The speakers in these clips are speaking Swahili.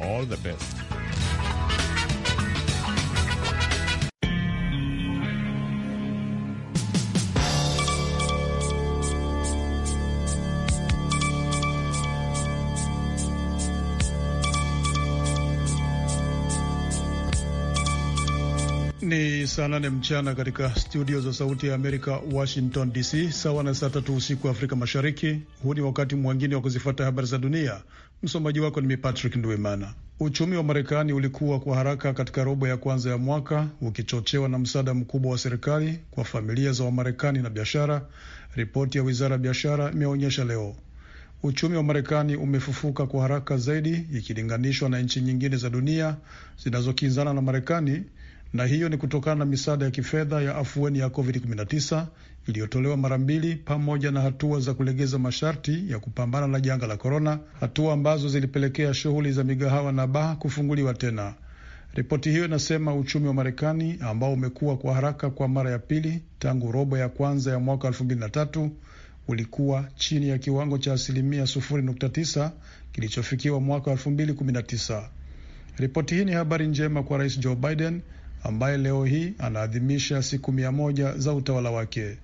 all the best. Ni saa nane mchana katika studio za Sauti ya Amerika, Washington DC, sawa na saa tatu usiku wa Afrika Mashariki. Huu ni wakati mwingine wa kuzifata habari za dunia Msomaji wako nimi Patrick Nduimana. Uchumi wa Marekani ulikuwa kwa haraka katika robo ya kwanza ya mwaka ukichochewa na msaada mkubwa wa serikali kwa familia za Wamarekani na biashara, ripoti ya wizara ya biashara imeonyesha leo. Uchumi wa Marekani umefufuka kwa haraka zaidi ikilinganishwa na nchi nyingine za dunia zinazokinzana na Marekani, na hiyo ni kutokana na misaada ya kifedha ya afueni ya COVID-19 iliyotolewa mara mbili pamoja na hatua za kulegeza masharti ya kupambana na janga la korona, hatua ambazo zilipelekea shughuli za migahawa na baa kufunguliwa tena. Ripoti hiyo inasema uchumi wa Marekani ambao umekuwa kwa haraka kwa mara ya pili tangu robo ya kwanza ya mwaka 2023 ulikuwa chini ya kiwango cha asilimia 0.9 kilichofikiwa mwaka 2019. Ripoti hii ni habari njema kwa Rais Joe Biden ambaye leo hii anaadhimisha siku mia moja za utawala wake.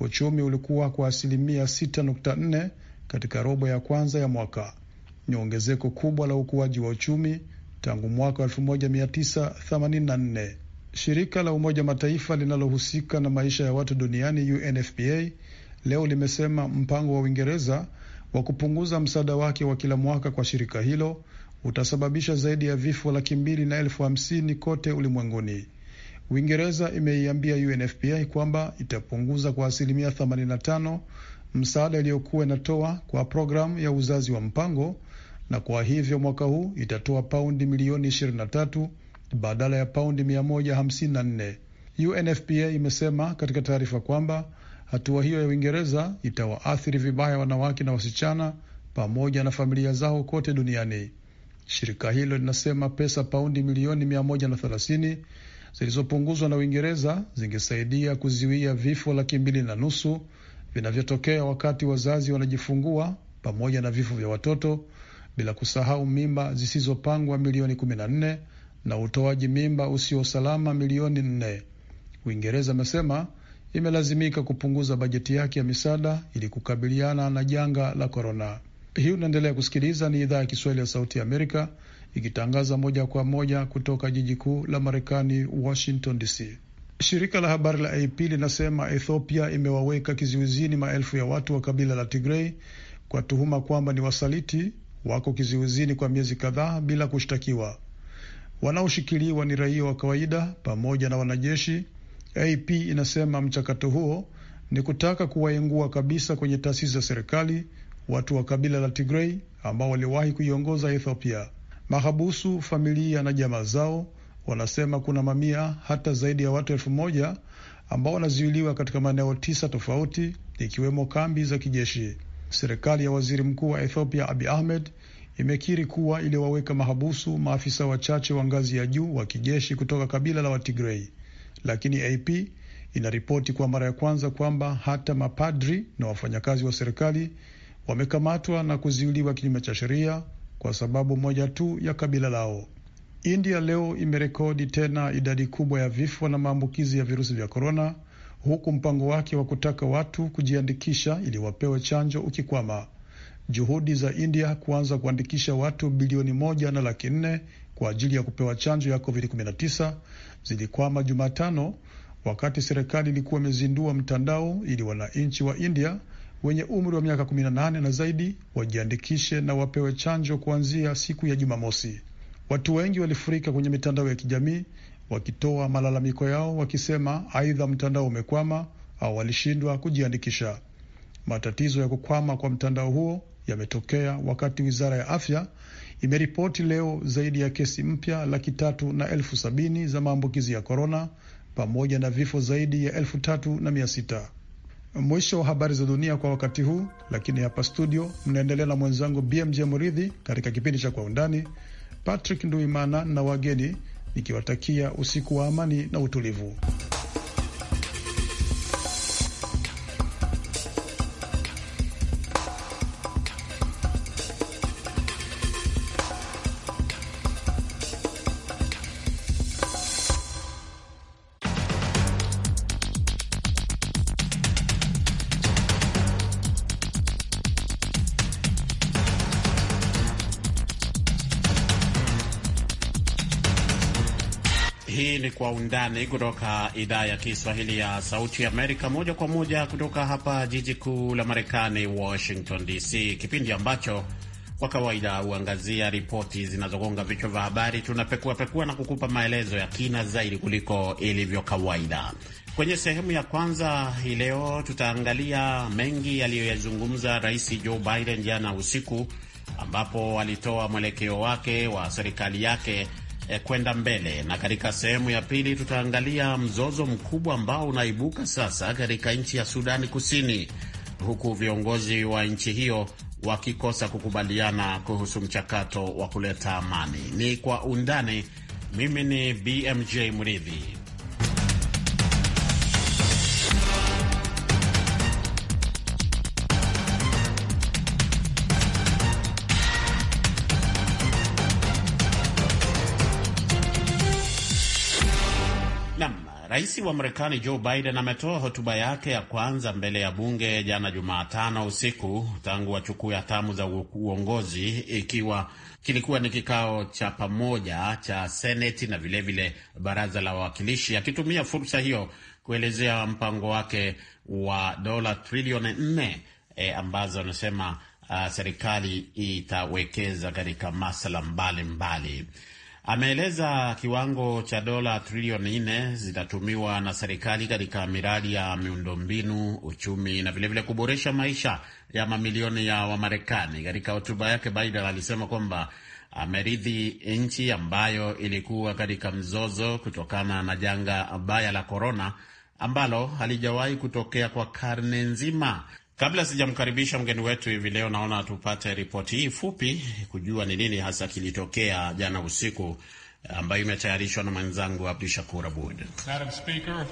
Uchumi ulikuwa kwa asilimia 6.4 katika robo ya kwanza ya mwaka, ni ongezeko kubwa la ukuaji wa uchumi tangu mwaka 1984. Shirika la Umoja Mataifa linalohusika na maisha ya watu duniani UNFPA leo limesema mpango wa Uingereza wa kupunguza msaada wake wa kila mwaka kwa shirika hilo utasababisha zaidi ya vifo laki mbili na elfu hamsini kote ulimwenguni. Uingereza imeiambia UNFPA kwamba itapunguza kwa asilimia 85 msaada iliyokuwa inatoa kwa programu ya uzazi wa mpango, na kwa hivyo mwaka huu itatoa paundi milioni 23 badala ya paundi 154. UNFPA imesema katika taarifa kwamba hatua hiyo ya Uingereza itawaathiri vibaya wanawake na wasichana pamoja na familia zao kote duniani. Shirika hilo linasema pesa paundi milioni 130 zilizopunguzwa na Uingereza zingesaidia kuziwia vifo laki mbili na nusu vinavyotokea wakati wazazi wanajifungua pamoja na vifo vya watoto, bila kusahau mimba zisizopangwa milioni 14 na utoaji mimba usio salama milioni nne Uingereza amesema imelazimika kupunguza bajeti yake ya misaada ili kukabiliana na janga la korona. Hii unaendelea kusikiliza, ni idhaa ya Kiswahili ya Sauti ya Amerika ikitangaza moja kwa moja kutoka jiji kuu la Marekani, Washington DC. Shirika la habari la AP linasema Ethiopia imewaweka kizuizini maelfu ya watu wa kabila la Tigrei kwa tuhuma kwamba ni wasaliti. Wako kizuizini kwa miezi kadhaa bila kushtakiwa. Wanaoshikiliwa ni raia wa kawaida pamoja na wanajeshi. AP inasema mchakato huo ni kutaka kuwaingua kabisa kwenye taasisi za serikali watu wa kabila la Tigrei ambao waliwahi kuiongoza Ethiopia. Mahabusu, familia na jamaa zao wanasema kuna mamia hata zaidi ya watu elfu moja ambao wanazuiliwa katika maeneo tisa tofauti ikiwemo kambi za kijeshi. Serikali ya waziri mkuu wa Ethiopia Abi Ahmed imekiri kuwa iliwaweka mahabusu maafisa wachache wa ngazi ya juu wa kijeshi kutoka kabila la Watigrei, lakini AP inaripoti kwa mara ya kwanza kwamba hata mapadri na wafanyakazi wa serikali wamekamatwa na kuzuiliwa kinyume cha sheria kwa sababu moja tu ya kabila lao. India leo imerekodi tena idadi kubwa ya vifo na maambukizi ya virusi vya korona, huku mpango wake wa kutaka watu kujiandikisha ili wapewe chanjo ukikwama. Juhudi za India kuanza kuandikisha watu bilioni moja na laki nne kwa ajili ya kupewa chanjo ya COVID-19 zilikwama Jumatano, wakati serikali ilikuwa imezindua mtandao ili wananchi wa India wenye umri wa miaka 18 na zaidi wajiandikishe na wapewe chanjo kuanzia siku ya Jumamosi. Watu wengi walifurika kwenye mitandao ya kijamii wakitoa malalamiko yao, wakisema aidha mtandao umekwama au walishindwa kujiandikisha. Matatizo ya kukwama kwa mtandao huo yametokea wakati wizara ya afya imeripoti leo zaidi ya kesi mpya laki tatu na elfu sabini za maambukizi ya korona pamoja na vifo zaidi ya elfu tatu na mia sita. Mwisho wa habari za dunia kwa wakati huu, lakini hapa studio mnaendelea na mwenzangu BMJ Muridhi katika kipindi cha Kwa Undani. Patrick Nduimana na wageni nikiwatakia usiku wa amani na utulivu. Undani kutoka idhaa ya Kiswahili ya Sauti Amerika, moja kwa moja kutoka hapa jiji kuu la Marekani, Washington DC, kipindi ambacho kwa kawaida huangazia ripoti zinazogonga vichwa vya habari. Tunapekuapekua na kukupa maelezo ya kina zaidi kuliko ilivyo kawaida. Kwenye sehemu ya kwanza hii leo, tutaangalia mengi yaliyoyazungumza Rais Joe Biden jana usiku, ambapo alitoa mwelekeo wake wa serikali yake Eh, kwenda mbele. Na katika sehemu ya pili tutaangalia mzozo mkubwa ambao unaibuka sasa katika nchi ya Sudani Kusini, huku viongozi wa nchi hiyo wakikosa kukubaliana kuhusu mchakato wa kuleta amani. Ni kwa undani. Mimi ni BMJ Mridhi. Rais wa Marekani Joe Biden ametoa hotuba yake ya kwanza mbele ya bunge jana Jumatano usiku tangu wachukue hatamu za uongozi, ikiwa kilikuwa ni kikao cha pamoja cha Seneti na vilevile vile baraza la wawakilishi, akitumia fursa hiyo kuelezea mpango wake wa dola trilioni nne e, ambazo anasema uh, serikali itawekeza katika masuala mbalimbali. Ameeleza kiwango cha dola trilioni nne zitatumiwa na serikali katika miradi ya miundombinu, uchumi na vilevile kuboresha maisha ya mamilioni ya Wamarekani. Katika hotuba yake, Biden alisema kwamba ameridhi nchi ambayo ilikuwa katika mzozo kutokana na janga baya la korona ambalo halijawahi kutokea kwa karne nzima. Kabla sijamkaribisha mgeni wetu hivi leo, naona tupate ripoti hii fupi kujua ni nini hasa kilitokea jana usiku ambayo imetayarishwa na mwenzangu Abdu Shakur Abud.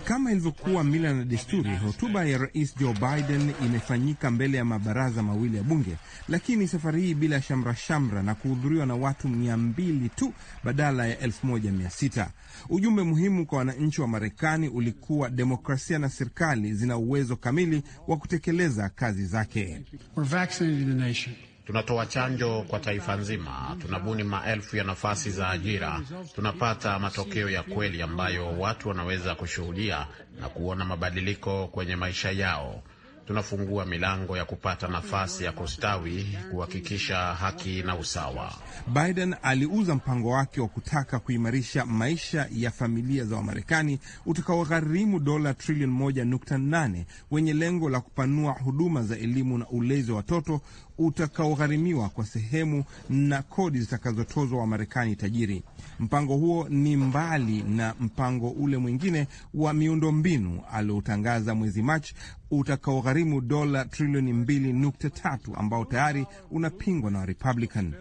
Kama ilivyokuwa mila na desturi, hotuba ya Rais Joe Biden imefanyika mbele ya mabaraza mawili ya bunge, lakini safari hii bila shamra shamra na kuhudhuriwa na watu mia mbili tu badala ya elfu moja mia sita. Ujumbe muhimu kwa wananchi wa Marekani ulikuwa demokrasia na serikali zina uwezo kamili wa kutekeleza kazi zake. We're vaccinating the nation. Tunatoa chanjo kwa taifa nzima, tunabuni maelfu ya nafasi za ajira, tunapata matokeo ya kweli ambayo watu wanaweza kushuhudia na kuona mabadiliko kwenye maisha yao. Tunafungua milango ya kupata nafasi ya kustawi, kuhakikisha haki na usawa. Biden aliuza mpango wake wa kutaka kuimarisha maisha ya familia za Wamarekani utakaogharimu dola trilioni 1.8 wenye lengo la kupanua huduma za elimu na ulezi wa watoto utakaogharimiwa kwa sehemu na kodi zitakazotozwa Wamarekani tajiri. Mpango huo ni mbali na mpango ule mwingine wa miundo mbinu aliotangaza mwezi Machi utakaogharimu dola trilioni 2.3 ambao tayari unapingwa na Warepublican.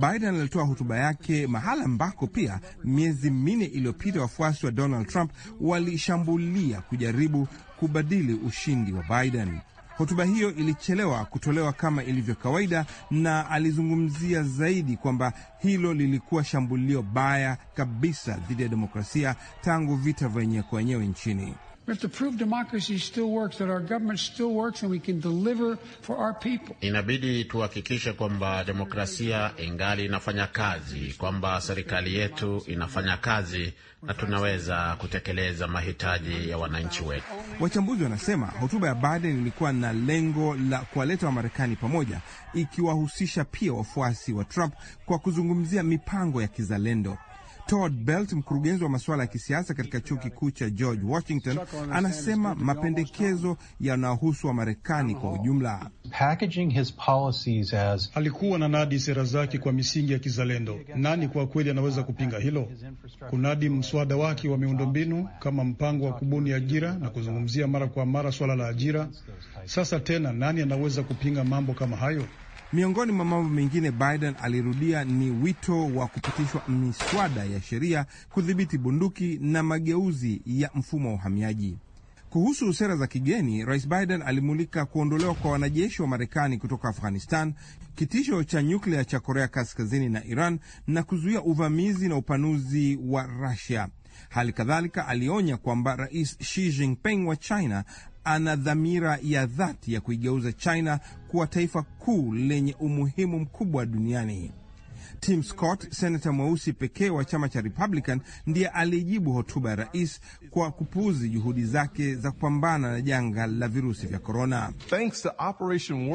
Biden alitoa hotuba yake mahala ambako pia miezi minne iliyopita wafuasi wa Donald Trump walishambulia kujaribu kubadili ushindi wa Biden. Hotuba hiyo ilichelewa kutolewa kama ilivyo kawaida, na alizungumzia zaidi kwamba hilo lilikuwa shambulio baya kabisa dhidi ya demokrasia tangu vita vyenyewe kwa wenyewe nchini have to prove democracy still works, that our government still works and we can deliver for our people. Inabidi tuhakikishe kwamba demokrasia ingali inafanya kazi, kwamba serikali yetu inafanya kazi na tunaweza kutekeleza mahitaji ya wananchi wetu. Wachambuzi wanasema hotuba ya Biden ilikuwa na lengo la kuwaleta Wamarekani pamoja, ikiwahusisha pia wafuasi wa Trump kwa kuzungumzia mipango ya kizalendo. Todd Belt, mkurugenzi wa masuala ya kisiasa katika chuo kikuu cha George Washington, anasema mapendekezo wa marekani kwa ujumla. As... alikuwa na nadi sera zake kwa misingi ya kizalendo. Nani kwa kweli anaweza kupinga hilo? Kunadi mswada wake wa miundombinu kama mpango wa kubuni ajira na kuzungumzia mara kwa mara swala la ajira. Sasa tena nani anaweza kupinga mambo kama hayo? Miongoni mwa mambo mengine Biden alirudia ni wito wa kupitishwa miswada ya sheria kudhibiti bunduki na mageuzi ya mfumo wa uhamiaji. Kuhusu sera za kigeni, Rais Biden alimulika kuondolewa kwa wanajeshi wa Marekani kutoka Afghanistan, kitisho cha nyuklia cha Korea Kaskazini na Iran, na kuzuia uvamizi na upanuzi wa Rusia. Hali kadhalika alionya kwamba Rais Xi Jinping wa China ana dhamira ya dhati ya kuigeuza China kuwa taifa kuu lenye umuhimu mkubwa duniani. Tim Scott, senata mweusi pekee wa chama cha Republican, ndiye aliyejibu hotuba ya rais kwa kupuuzi juhudi zake za kupambana na janga la virusi vya korona.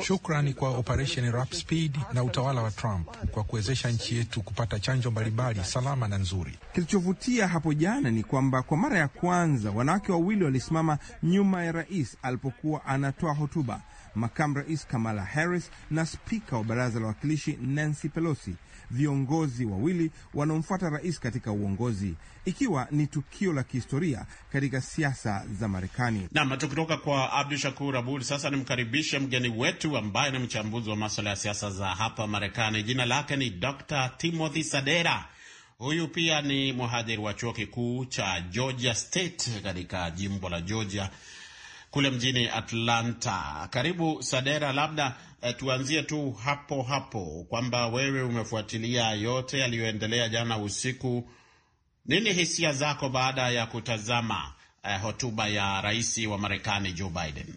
Shukrani kwa Operation Warp Speed na utawala wa Trump kwa kuwezesha nchi yetu kupata chanjo mbalimbali salama na nzuri. Kilichovutia hapo jana ni kwamba kwa mara ya kwanza wanawake wawili walisimama nyuma ya rais alipokuwa anatoa hotuba, makamu rais Kamala Harris na spika wa baraza la wawakilishi Nancy Pelosi viongozi wawili wanaomfuata rais katika uongozi, ikiwa ni tukio la kihistoria katika siasa za Marekani. Nam, tukitoka kwa Abdu Shakur Abud, sasa nimkaribishe mgeni wetu ambaye ni mchambuzi wa maswala ya siasa za hapa Marekani. Jina lake ni Dr Timothy Sadera. Huyu pia ni mhadhiri wa chuo kikuu cha Georgia State katika jimbo la Georgia kule mjini Atlanta. Karibu Sadera, labda eh, tuanzie tu hapo hapo kwamba wewe umefuatilia yote yaliyoendelea jana usiku. Nini hisia zako baada ya kutazama eh, hotuba ya rais wa Marekani Joe Biden?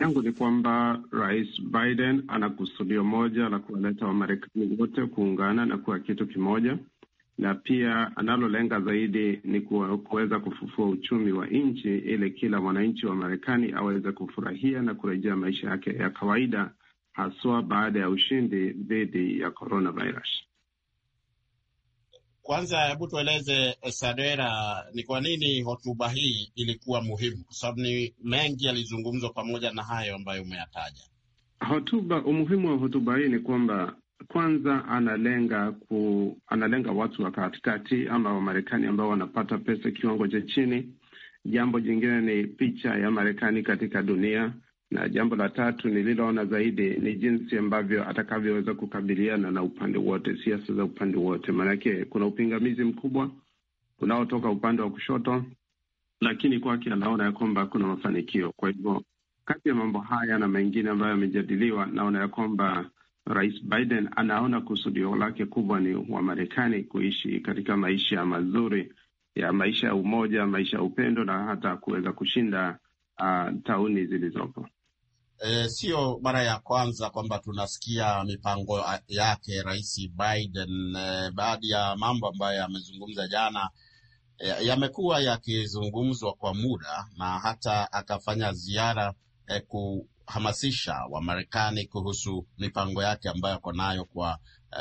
yangu ni kwamba Rais Biden ana kusudio moja la kuwaleta Wamarekani wote kuungana na kuwa kitu kimoja na pia analolenga zaidi ni kuweza kufufua uchumi wa nchi ili kila mwananchi wa Marekani aweze kufurahia na kurejea maisha yake ya kawaida, haswa baada ya ushindi dhidi ya coronavirus. Kwanza hebu tueleze eh, Sadera, ni kwa nini hotuba hii ilikuwa muhimu? Kwa sababu ni mengi yalizungumzwa, pamoja na hayo ambayo umeyataja. Hotuba, umuhimu wa hotuba hii ni kwamba kwanza analenga ku, analenga watu wa katikati ama Wamarekani ambao wanapata pesa kiwango cha chini. Jambo jingine ni picha ya Marekani katika dunia, na jambo la tatu nililoona zaidi ni jinsi ambavyo atakavyoweza kukabiliana na upande wote, siasa za upande wote, maanake kuna upingamizi mkubwa unaotoka upande wa kushoto, lakini kwake anaona ya kwamba kuna mafanikio. Kwa hivyo kati ya mambo haya na mengine ambayo yamejadiliwa, naona ya kwamba Rais Biden anaona kusudio lake kubwa ni Wamarekani kuishi katika maisha mazuri ya maisha ya umoja, maisha ya upendo na hata kuweza kushinda uh, tauni zilizopo. E, sio mara ya kwanza kwamba tunasikia mipango yake Rais Biden. E, baadhi ya mambo ambayo yamezungumza jana e, yamekuwa yakizungumzwa kwa muda na hata akafanya ziara e, ku hamasisha Wamarekani kuhusu mipango yake ambayo ako nayo kwa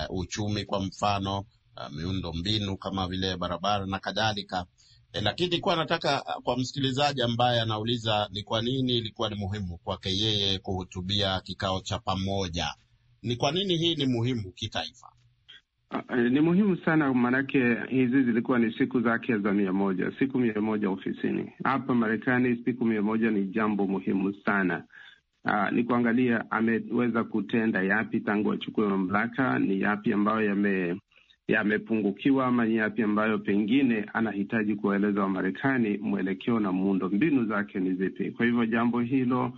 uh, uchumi kwa mfano uh, miundo mbinu kama vile barabara na kadhalika. E, lakini kuwa nataka kwa msikilizaji ambaye anauliza ni kwa nini ilikuwa ni muhimu kwake yeye kuhutubia kikao cha pamoja, ni kwa nini hii ni muhimu kitaifa? Ah, ni muhimu sana maanake hizi zilikuwa ni siku zake za mia moja siku mia moja ofisini hapa Marekani. Siku mia moja ni jambo muhimu sana uh, ni kuangalia ameweza kutenda yapi tangu achukue mamlaka, ni yapi ambayo yame yamepungukiwa ama ni yapi ambayo pengine anahitaji kuwaeleza Wamarekani mwelekeo na muundo mbinu zake ni zipi. Kwa hivyo jambo hilo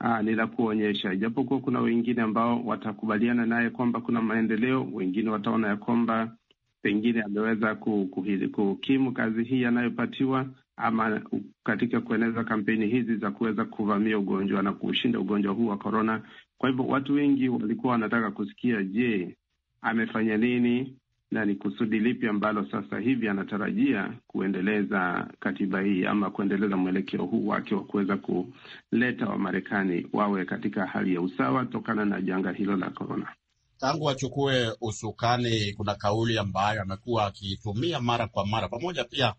aa, ah, ni la kuonyesha, ijapokuwa kuna wengine ambao watakubaliana naye kwamba kuna maendeleo, wengine wataona ya kwamba pengine ameweza kukimu kazi hii anayopatiwa, ama katika kueneza kampeni hizi za kuweza kuvamia ugonjwa na kuushinda ugonjwa huu wa korona. Kwa hivyo watu wengi walikuwa wanataka kusikia, je, amefanya nini na ni kusudi lipi ambalo sasa hivi anatarajia kuendeleza katiba hii ama kuendeleza mwelekeo huu wake wa kuweza kuleta Wamarekani wawe katika hali ya usawa tokana na janga hilo la korona. Tangu achukue usukani, kuna kauli ambayo amekuwa akitumia mara kwa mara, pamoja pia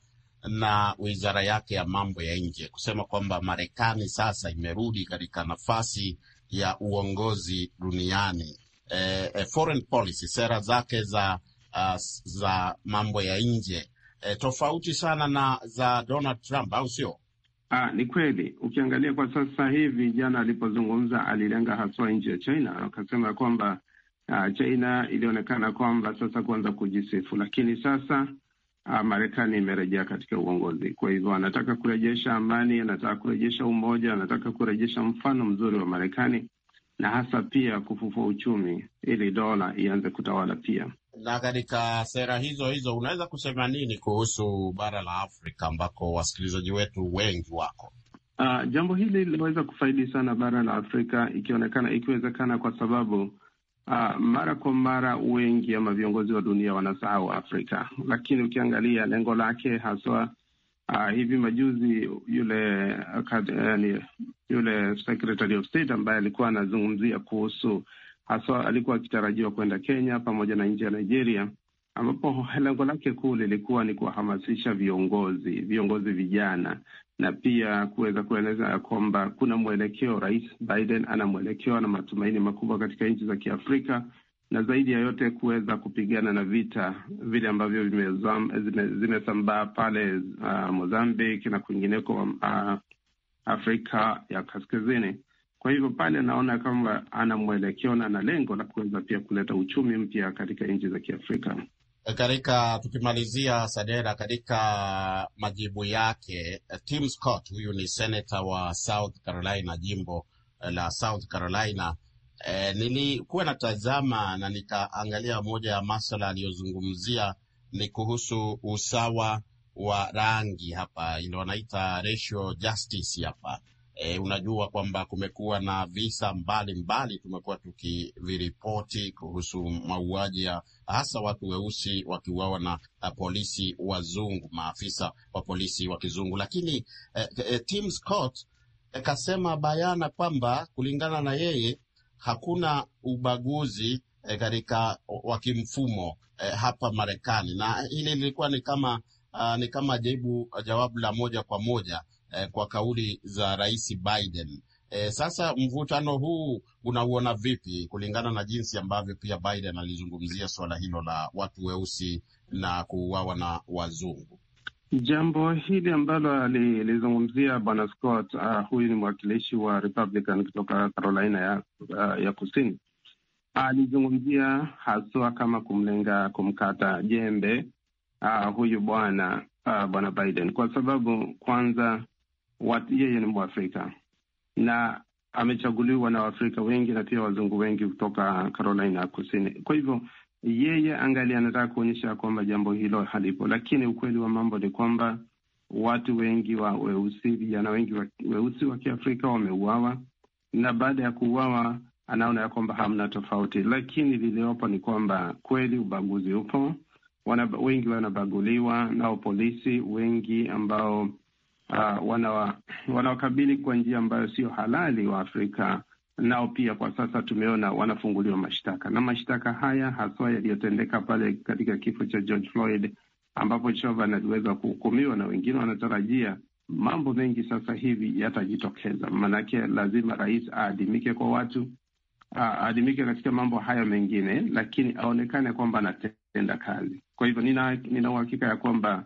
na wizara yake ya mambo ya nje kusema kwamba Marekani sasa imerudi katika nafasi ya uongozi duniani. E, e, foreign policy, sera zake za, uh, za mambo ya nje e, tofauti sana na za Donald Trump, au sio? Ah, ni kweli. Ukiangalia kwa sasa hivi, jana alipozungumza alilenga haswa nchi ya China, akasema kwamba uh, China ilionekana kwamba sasa kuanza kujisifu, lakini sasa Ah, Marekani imerejea katika uongozi. Kwa hivyo anataka kurejesha amani, anataka kurejesha umoja, anataka kurejesha mfano mzuri wa Marekani na hasa pia kufufua uchumi ili dola ianze kutawala pia. Na katika sera hizo hizo, unaweza kusema nini kuhusu bara la Afrika ambako wasikilizaji wetu wengi wako? Uh, jambo hili linaweza kufaidi sana bara la Afrika ikionekana, ikiwezekana, kwa sababu Uh, mara kwa mara wengi ama viongozi wa dunia wanasahau Afrika, lakini ukiangalia lengo lake haswa uh, hivi majuzi yule uh, yule Secretary of State ambaye alikuwa anazungumzia kuhusu haswa, alikuwa akitarajiwa kwenda Kenya pamoja na nchi ya Nigeria, ambapo lengo lake kuu lilikuwa ni kuwahamasisha viongozi viongozi vijana na pia kuweza kueleza ya kwamba kuna mwelekeo, Rais Biden ana mwelekeo na matumaini makubwa katika nchi za Kiafrika, na zaidi ya yote kuweza kupigana na vita vile ambavyo zimesambaa zime pale uh, Mozambique na kwingineko uh, Afrika ya Kaskazini. Kwa hivyo pale anaona kwamba ana mwelekeo na ana lengo la kuweza pia kuleta uchumi mpya katika nchi za Kiafrika katika tukimalizia Sadera, katika majibu yake eh, Tim Scott, huyu ni senata wa South Carolina, jimbo eh, la South Carolina. E, nilikuwa natazama na nikaangalia moja ya masala aliyozungumzia ni kuhusu usawa wa rangi hapa, ile wanaita racial justice hapa E, unajua kwamba kumekuwa na visa mbalimbali tumekuwa tukiviripoti kuhusu mauaji ya hasa watu weusi wakiuawa na polisi wazungu, maafisa wa polisi wa kizungu, lakini e, e, Tim Scott e, kasema bayana kwamba kulingana na yeye hakuna ubaguzi e, katika wa kimfumo e, hapa Marekani, na hili lilikuwa ni kama Uh, ni kama jibu jawabu la moja kwa moja eh, kwa kauli za Rais Biden. Eh, sasa mvutano huu unauona vipi kulingana na jinsi ambavyo pia Biden alizungumzia suala hilo la watu weusi na kuuawa na wazungu? Jambo hili ambalo alilizungumzia Bwana Scott, uh, huyu ni mwakilishi wa Republican kutoka Carolina ya, uh, ya Kusini, alizungumzia uh, haswa kama kumlenga kumkata jembe uh, huyu bwana uh, bwana Biden kwa sababu kwanza yeye ni Mwafrika na amechaguliwa na Waafrika wengi na pia wazungu wengi kutoka Carolina ya Kusini. Kwa hivyo yeye angali anataka kuonyesha kwamba jambo hilo halipo, lakini ukweli wa mambo ni kwamba watu wengi wa weusi, vijana wengi wa weusi wa Kiafrika wameuawa, na baada ya kuuawa anaona ya kwamba hamna tofauti. Lakini liliopo ni kwamba kweli ubaguzi upo, wana wengi wanabaguliwa, nao polisi wengi ambao uh, ah, wanawa, wanawakabili kwa njia ambayo sio halali wa Afrika nao pia kwa sasa tumeona wanafunguliwa mashtaka na mashtaka haya haswa yaliyotendeka pale katika kifo cha George Floyd, ambapo Chauvin aliweza kuhukumiwa na wengine wanatarajia mambo mengi sasa hivi yatajitokeza. Maanake lazima rais aadimike kwa watu, aadimike katika mambo hayo mengine, lakini aonekane kwamba anatenda kazi. Kwa hivyo nina, nina uhakika ya kwamba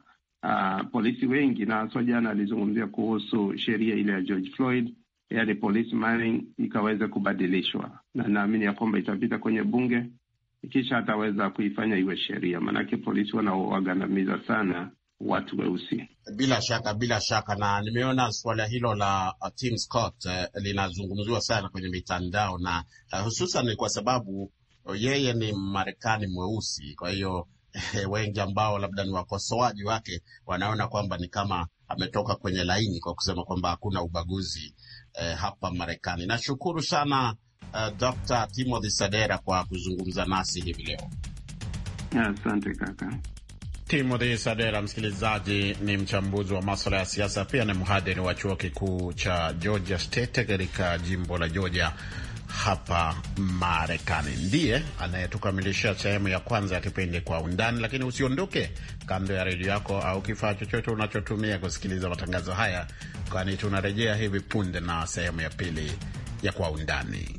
uh, polisi wengi na haswa, jana alizungumzia kuhusu sheria ile ya George Floyd, yani police manning, ikaweza kubadilishwa, na naamini ya kwamba itapita kwenye bunge, kisha ataweza kuifanya iwe sheria, maanake polisi wanawagandamiza sana watu weusi. Bila shaka, bila shaka, na nimeona suala hilo la uh, Tim Scott uh, linazungumziwa sana kwenye mitandao na uh, hususan kwa sababu uh, yeye ni Marekani mweusi, kwa hiyo wengi ambao labda ni wakosoaji wake wanaona kwamba ni kama ametoka kwenye laini kwa kusema kwamba hakuna ubaguzi eh, hapa Marekani. Nashukuru sana uh, Dr. Timothy Sadera kwa kuzungumza nasi hivi leo. Asante kaka. Timothy Sadera, msikilizaji, ni mchambuzi wa maswala ya siasa, pia ni mhadhiri wa chuo kikuu cha Georgia State katika jimbo la Georgia hapa Marekani. Ndiye anayetukamilishia sehemu ya kwanza ya kipindi Kwa Undani, lakini usiondoke kando ya redio yako au kifaa chochote unachotumia kusikiliza matangazo haya, kwani tunarejea hivi punde na sehemu ya pili ya Kwa Undani.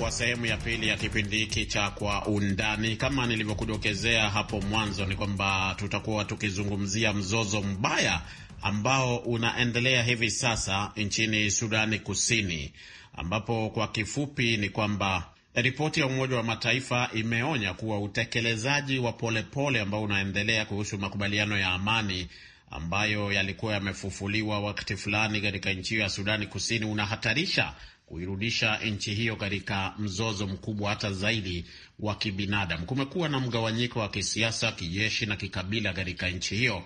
kwa sehemu ya pili ya kipindi hiki cha Kwa Undani. Kama nilivyokudokezea hapo mwanzo, ni kwamba tutakuwa tukizungumzia mzozo mbaya ambao unaendelea hivi sasa nchini Sudani Kusini, ambapo kwa kifupi ni kwamba ripoti ya Umoja wa Mataifa imeonya kuwa utekelezaji wa polepole ambao unaendelea kuhusu makubaliano ya amani ambayo yalikuwa yamefufuliwa wakati fulani katika nchi ya Sudani Kusini unahatarisha kuirudisha nchi hiyo katika mzozo mkubwa hata zaidi wa kibinadamu. Kumekuwa na mgawanyiko wa kisiasa, kijeshi na kikabila katika nchi hiyo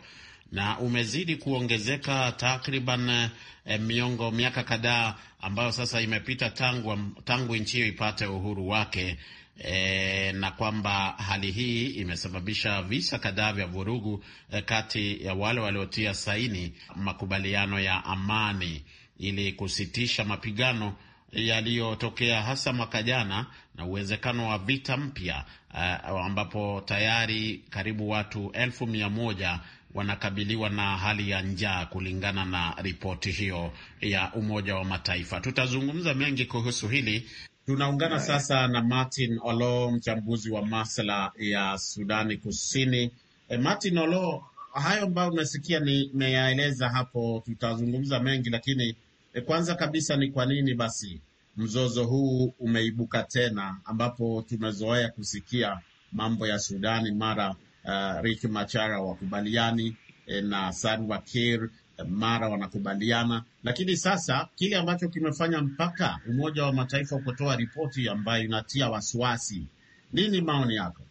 na umezidi kuongezeka takriban eh, miongo miaka kadhaa ambayo sasa imepita tangu, tangu nchi hiyo ipate uhuru wake eh, na kwamba hali hii imesababisha visa kadhaa vya vurugu eh, kati ya wale waliotia saini makubaliano ya amani ili kusitisha mapigano yaliyotokea hasa mwaka jana na uwezekano wa vita mpya uh, ambapo tayari karibu watu elfu mia moja wanakabiliwa na hali ya njaa kulingana na ripoti hiyo ya Umoja wa Mataifa. Tutazungumza mengi kuhusu hili. Tunaungana sasa na Martin Olo, mchambuzi wa masuala ya Sudani Kusini. E, Martin Olo, hayo ambayo umesikia nimeyaeleza hapo, tutazungumza mengi, lakini E, kwanza kabisa ni kwa nini basi mzozo huu umeibuka tena, ambapo tumezoea kusikia mambo ya Sudani mara uh, Riek Machar wakubaliani e, na Salva Kiir e, mara wanakubaliana, lakini sasa kile ambacho kimefanya mpaka Umoja wa Mataifa kutoa ripoti ambayo inatia wasiwasi. Nini maoni yako?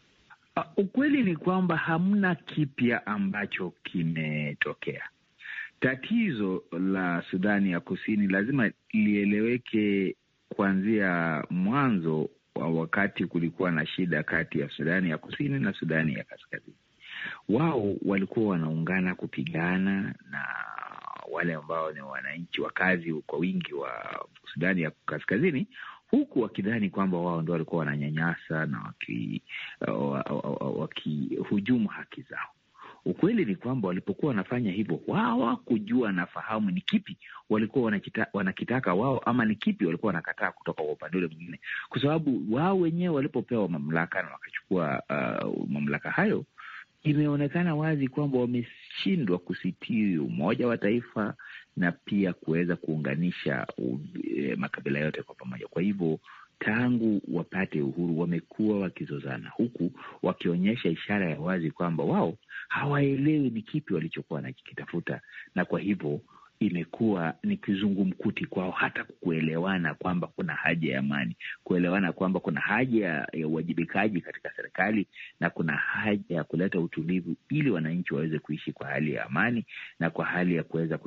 Uh, ukweli ni kwamba hamna kipya ambacho kimetokea. Tatizo la Sudani ya Kusini lazima lieleweke kuanzia mwanzo wa wakati kulikuwa na shida kati ya Sudani ya Kusini na Sudani ya Kaskazini. Wao walikuwa wanaungana kupigana na wale ambao ni wananchi wakazi kwa wingi wa Sudani ya Kaskazini, huku wakidhani kwamba wao ndio walikuwa wananyanyasa na uh, wakihujumu waki, waki, haki zao Ukweli ni kwamba walipokuwa wanafanya hivyo, wao hawakujua nafahamu ni kipi walikuwa wanakita, wanakitaka wao ama ni kipi walikuwa wanakataa kutoka kwa upande ule mwingine, kwa sababu wao wenyewe walipopewa mamlaka na wakachukua uh, mamlaka hayo, imeonekana wazi kwamba wameshindwa kusitiri umoja wa taifa na pia kuweza kuunganisha uh, makabila yote kwa pamoja. Kwa hivyo tangu wapate uhuru wamekuwa wakizozana, huku wakionyesha ishara ya wazi kwamba wao hawaelewi ni kipi walichokuwa wanakikitafuta, na kwa hivyo imekuwa ni kizungumkuti kwao, hata kuelewana kwamba kuna haja ya amani, kuelewana kwamba kuna haja ya uwajibikaji katika serikali na kuna haja ya kuleta utulivu ili wananchi waweze kuishi kwa hali ya amani na kwa hali ya kuweza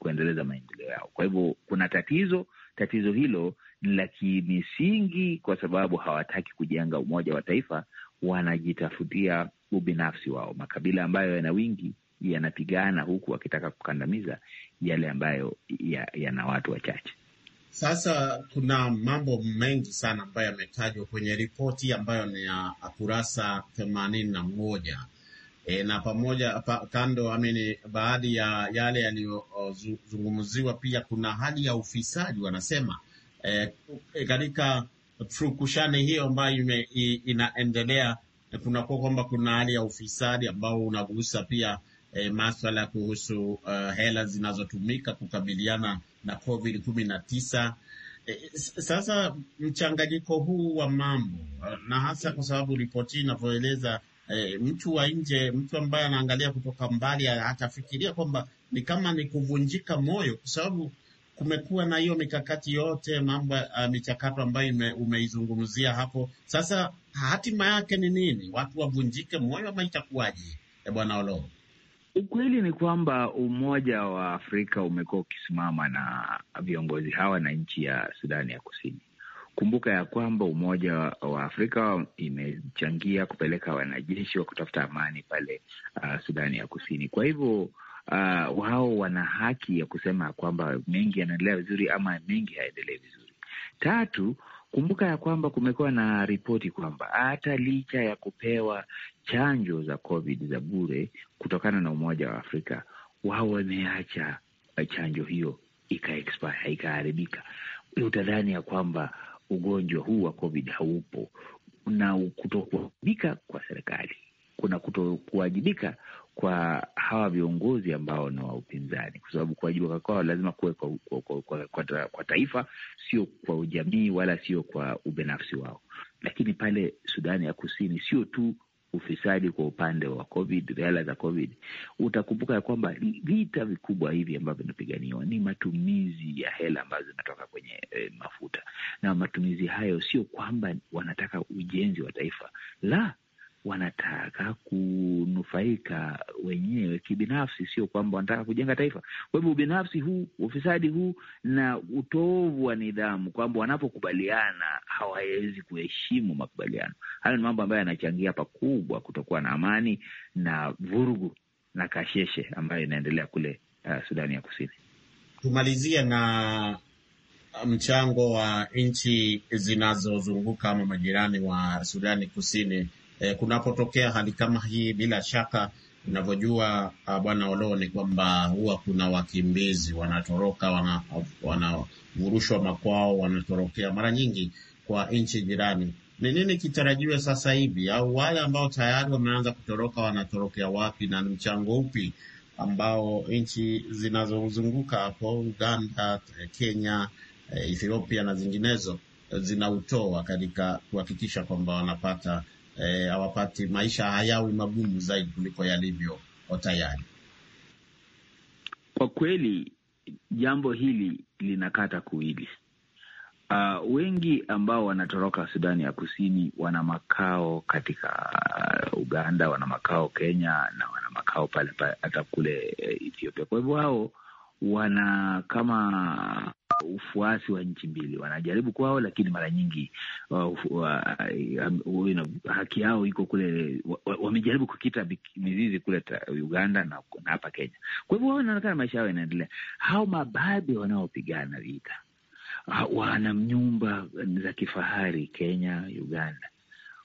kuendeleza maendeleo yao. Kwa hivyo kuna tatizo, tatizo hilo ni la kimisingi, kwa sababu hawataki kujenga umoja wa taifa, wanajitafutia ubinafsi wao. Makabila ambayo yana wingi yanapigana huku wakitaka kukandamiza yale ambayo yana ya watu wachache. Sasa kuna mambo mengi sana ambayo yametajwa kwenye ripoti ambayo ni ya kurasa themanini na moja e, na pamoja pa, kando amini, baadhi ya yale yaliyozungumziwa pia kuna hali ya ufisadi wanasema e, katika e, furukushani hiyo ambayo inaendelea kunakuwa kwamba kuna hali ya ufisadi ambao unagusa pia e, maswala kuhusu uh, hela zinazotumika kukabiliana na COVID kumi na tisa. E, eh, sasa mchanganyiko huu wa mambo na hasa kwa sababu ripoti inavyoeleza e, mtu wa nje, mtu ambaye anaangalia kutoka mbali atafikiria kwamba ni kama ni kuvunjika moyo kwa sababu kumekuwa na hiyo mikakati yote mambo michakato ambayo umeizungumzia hapo. Sasa hatima yake ni nini? Watu wavunjike moyo ama itakuwaje? E bwana olo Ukweli ni kwamba Umoja wa Afrika umekuwa ukisimama na viongozi hawa na nchi ya Sudani ya Kusini. Kumbuka ya kwamba Umoja wa Afrika imechangia kupeleka wanajeshi wa kutafuta amani pale uh, Sudani ya Kusini. Kwa hivyo uh, wao wana haki ya kusema kwamba mengi yanaendelea vizuri ama mengi hayaendelee vizuri. Tatu, Kumbuka ya kwamba kumekuwa na ripoti kwamba hata licha ya kupewa chanjo za COVID za bure kutokana na Umoja wa Afrika, wao wameacha eh, chanjo hiyo ikaexpire, ikaharibika. Utadhani ya kwamba ugonjwa huu wa COVID haupo, na kutokuwajibika kwa serikali, kuna kutokuwajibika kwa hawa viongozi ambao ni wa upinzani, kwa sababu kuwajibika kwao lazima kuwe kwa, kwa, kwa, kwa, kwa, kwa taifa, sio kwa ujamii wala sio kwa ubinafsi wao. Lakini pale Sudani ya Kusini sio tu ufisadi kwa upande wa COVID, hela za COVID. Utakumbuka ya kwamba vita vikubwa hivi ambavyo vinapiganiwa ni matumizi ya hela ambazo zinatoka kwenye e, mafuta, na matumizi hayo sio kwamba wanataka ujenzi wa taifa la wanataka kunufaika wenyewe kibinafsi, sio kwamba wanataka kujenga taifa. Kwa hivyo ubinafsi huu, ufisadi huu na utovu wa nidhamu, kwamba wanapokubaliana hawawezi kuheshimu makubaliano hayo, ni mambo ambayo yanachangia pakubwa kutokuwa na amani na vurugu na kasheshe ambayo inaendelea kule uh, Sudani ya Kusini. Tumalizie na uh, mchango wa nchi zinazozunguka ama majirani wa Sudani Kusini eh, kunapotokea hali kama hii, bila shaka unavyojua ah, bwana olo ni kwamba huwa kuna wakimbizi wanatoroka, wanavurushwa wana makwao, wanatorokea mara nyingi kwa nchi jirani. Ni nini kitarajiwe sasa hivi, au wale ambao tayari wameanza kutoroka wanatorokea wapi, na ni mchango upi ambao nchi zinazozunguka hapo Uganda, Kenya, eh, Ethiopia na zinginezo zinautoa katika kuhakikisha kwamba wanapata Eh, hawapati e, maisha hayawi magumu zaidi kuliko yalivyo tayari. Kwa kweli jambo hili linakata kuili. Uh, ah, wengi ambao wanatoroka Sudani ya Kusini wana makao katika uh, Uganda, wana makao Kenya na wana makao pale hata kule eh, Ethiopia. Kwa hivyo hao wana kama ufuasi wa nchi mbili. Wanajaribu kwao, lakini mara nyingi uh, uh, uh, haki yao iko kule. Wamejaribu kukita mizizi kule Uganda na hapa Kenya. Kwa hivyo wao inaonekana maisha yao yanaendelea. Hao mababe wanaopigana vita wana nyumba za kifahari Kenya, Uganda.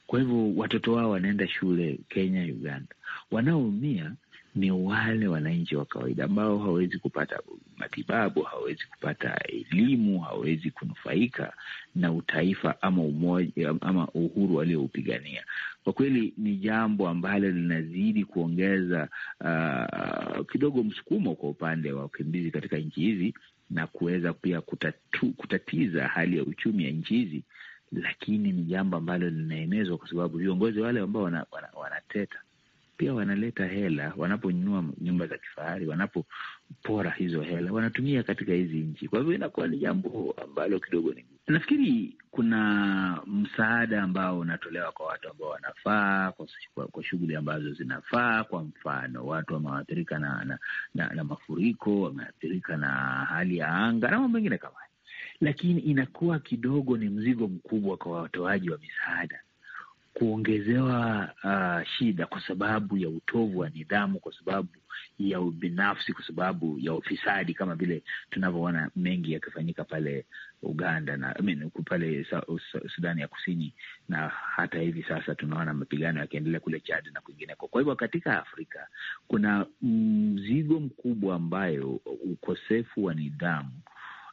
Kwa hivyo watoto wao wanaenda shule Kenya, Uganda. Wanaoumia ni wale wananchi wa kawaida ambao hawawezi kupata matibabu, hawawezi kupata elimu, hawawezi kunufaika na utaifa ama umoja, ama uhuru walioupigania. Kwa kweli ni jambo ambalo linazidi kuongeza uh, kidogo msukumo kwa upande wa wakimbizi katika nchi hizi na kuweza pia kutatu, kutatiza hali ya uchumi ya nchi hizi, lakini ni jambo ambalo linaenezwa kwa sababu viongozi wale ambao wanateta wana, wana pia wanaleta hela wanaponunua nyumba za kifahari, wanapopora hizo hela wanatumia katika hizi nchi. Kwa hivyo inakuwa ni jambo ambalo kidogo ni nafikiri kuna msaada ambao unatolewa kwa watu ambao wanafaa, kwa, kwa shughuli ambazo zinafaa. Kwa mfano watu wameathirika na, na, na, na mafuriko, wameathirika na hali ya anga na mambo mengine kama hayo, lakini inakuwa kidogo ni mzigo mkubwa kwa watoaji wa misaada kuongezewa uh, shida kwa sababu ya utovu wa nidhamu, kwa sababu ya ubinafsi, kwa sababu ya ufisadi, kama vile tunavyoona mengi yakifanyika pale Uganda na I mean, pale Sudani ya Kusini, na hata hivi sasa tunaona mapigano yakiendelea kule Chad na kwingineko. Kwa hivyo katika Afrika kuna mzigo mkubwa ambayo ukosefu wa nidhamu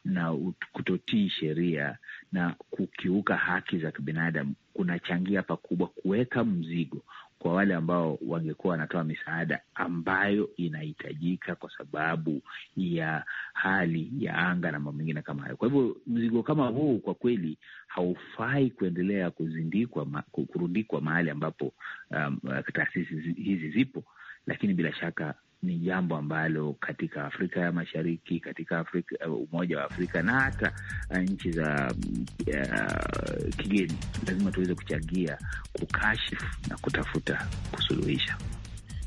na kutotii sheria na kukiuka haki za kibinadamu kunachangia pakubwa kuweka mzigo kwa wale ambao wangekuwa wanatoa misaada ambayo inahitajika kwa sababu ya hali ya anga na mambo mengine kama hayo. Kwa hivyo mzigo kama huu kwa kweli haufai kuendelea kuzindikwa ma, kurundikwa mahali ambapo um, taasisi hizi zipo, lakini bila shaka ni jambo ambalo katika Afrika ya Mashariki, katika Afrika, uh, Umoja wa Afrika na hata uh, nchi za uh, kigeni, lazima tuweze kuchangia kukashifu na kutafuta kusuluhisha.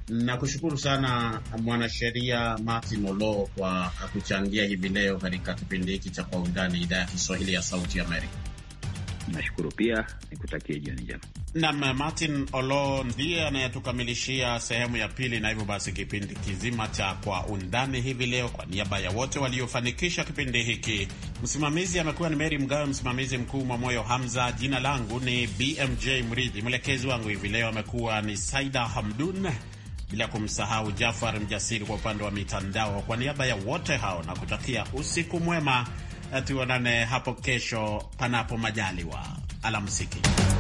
Nakushukuru sana mwanasheria Martin Olo kwa kuchangia hivi leo katika kipindi hiki cha Kwa Undani, idhaa ya Kiswahili ya Sauti Amerika. Nashukuru pia nikutakie jioni njema. Nam Martin Olo ndiye anayetukamilishia sehemu ya pili, na hivyo basi kipindi kizima cha Kwa Undani hivi leo, kwa niaba ya wote waliofanikisha kipindi hiki, msimamizi amekuwa ni Meri Mgawe, msimamizi mkuu Mwamoyo Hamza, jina langu ni BMJ Mridhi, mwelekezi wangu hivi leo amekuwa ni Saida Hamdun, bila kumsahau Jafar Mjasiri kwa upande wa mitandao. Kwa niaba ya wote hao na kutakia usiku mwema tuonane hapo kesho, panapo majaliwa. Alamsiki.